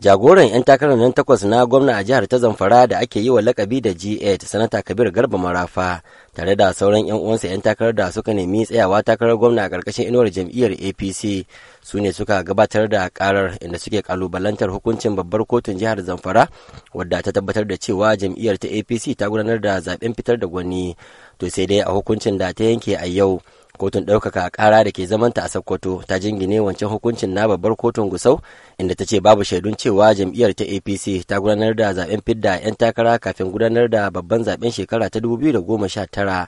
jagoran 'yan takarar nan takwas na gwamna a jihar ta zamfara da ake yi wa lakabi da g8 sanata kabir garba marafa tare da sauran 'yan uwansa 'yan takarar da suka nemi tsayawa takarar gwamna a ƙarƙashin inuwar jam'iyyar apc su ne suka gabatar da karar inda suke kalubalantar hukuncin babbar kotun jihar zamfara wadda ta tabbatar da cewa jam'iyyar ta apc ta gudanar da zaben fitar da gwani to sai dai a hukuncin da ta yanke a yau kotun ɗaukaka ƙara da ke zamanta a sokoto ta jingine wancan hukuncin na babbar kotun gusau inda ta ce babu shaidun cewa jam'iyyar ta apc ta gudanar da zaben fidda 'yan takara kafin gudanar da babban zaben shekara ta 2019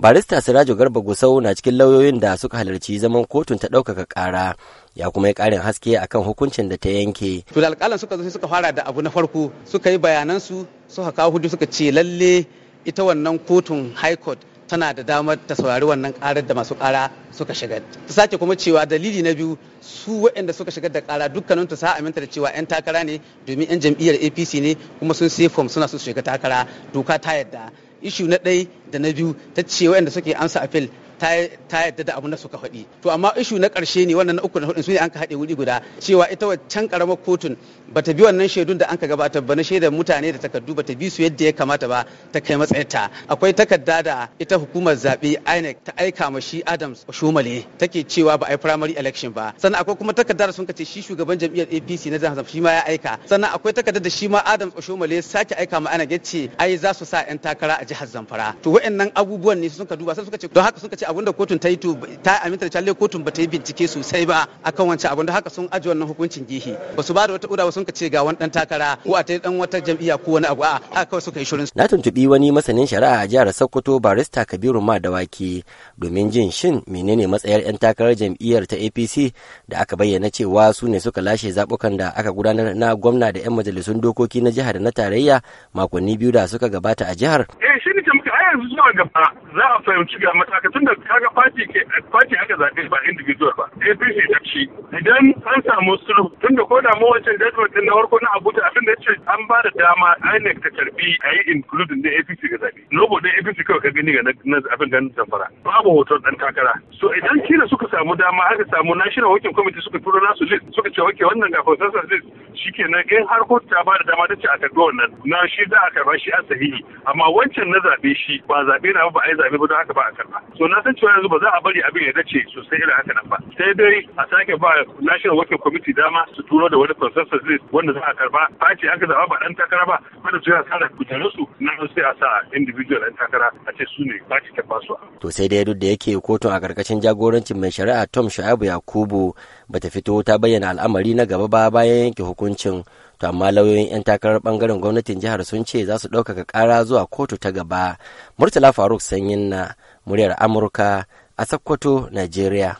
barista sirajo garba gusau na cikin lauyoyin da suka halarci zaman kotun ta ɗaukaka ƙara ya kuma yi ƙarin haske akan hukuncin da ta yanke. to da alƙalan suka zo suka fara da abu na farko suka yi bayanansu suka kawo hujju suka ce lalle ita wannan kotun high court tana da damar ta saurari wannan karar da masu kara suka shigar ta sake kuma cewa dalili na biyu su waɗanda suka shigar da kara dukkanin ta sa aminta da cewa 'yan takara ne domin 'yan jam'iyyar apc ne kuma sun sai fom suna su shiga takara doka ta yadda ishu na ɗaya da na biyu ta ce waɗanda suke amsa apel ta yadda da abin da suka faɗi to amma ishu na ƙarshe ne wannan na uku na hudu su ne an ka haɗe wuri guda cewa ita wancan ƙaramar kotun ba ta bi wannan shaidun da an ka gabatar ba na shaidar mutane da takardu ta bi su yadda ya kamata ba ta kai matsayinta akwai takarda da ita hukumar zaɓe INEC ta aika ma shi Adams Shomale take cewa ba a yi primary election ba sannan akwai kuma takarda da sun kace shi shugaban jam'iyyar APC na jihar shi ma ya aika sannan akwai takarda da shi ma Adams Shomale sake aika ma INEC yace ai za su sa 'yan takara a jihar Zamfara to wa'annan abubuwan ne sun ka duba sai suka ce don haka suka ce abinda kotun ta yi ta aminta da challe kotun ba ta yi bincike sosai ba akan wancan abin da haka sun aji wannan hukuncin gihi ba su ba da wata ƙura ba sun ka ce ga wani dan takara ko a ta dan wata jam'iyya ko wani abu a haka kawai suka yi shirin na tuntubi wani masanin shari'a a jihar Sokoto barista Kabiru Ma dawaki domin jin shin menene matsayar yan takarar jam'iyyar ta APC da aka bayyana cewa su ne suka lashe zabukan da aka gudanar na gwamna da yan majalisun dokoki na jihar da na tarayya makonni biyu da suka gabata a jihar eh shi ne yanzu zuwa gaba za a fahimci ga matakatun da kaga party ke party aka zaɓe ba individual ba APC da shi idan an samu sulhu tunda ko da mu wancan judgment din na farko na Abuja abin da ce an ba da dama INEC ta karbi ayi including da APC ga zaɓe logo da APC kawai ka gani ga na abin ganin zamfara babu hoton dan takara so idan Kira suka samu dama aka samu national working committee suka turo nasu list suka ce wake wannan ga consensus list shikenan in har kotu ta ba da dama ta ce a karbi wannan na shi da a karba shi a sahihi amma wancan na zabe shi ba zabe na ba a yi zabe ba don haka ba a karba so na san cewa yanzu ba za a bari abin ya dace sosai irin haka nan ba sai dai a sake ba national working committee dama su turo da wani consensus list wanda za a karba party aka zaba ba dan takara ba wanda su ya tsara kujerun su na sai a sa individual dan takara a ce su ne ba ci ta basu to sai dai duk da yake kotun a karkashin jagorancin mai shari'a Tom Shaibu Yakubu bata fito ta bayyana al'amari na gaba ba bayan yanke hukunci hukuncin to amma lauyoyin 'yan takarar bangaren gwamnatin jihar sun ce za su ɗaukaka ƙara zuwa kotu ta gaba murtala faruk sanyin na muryar amurka a sakkwato Najeriya.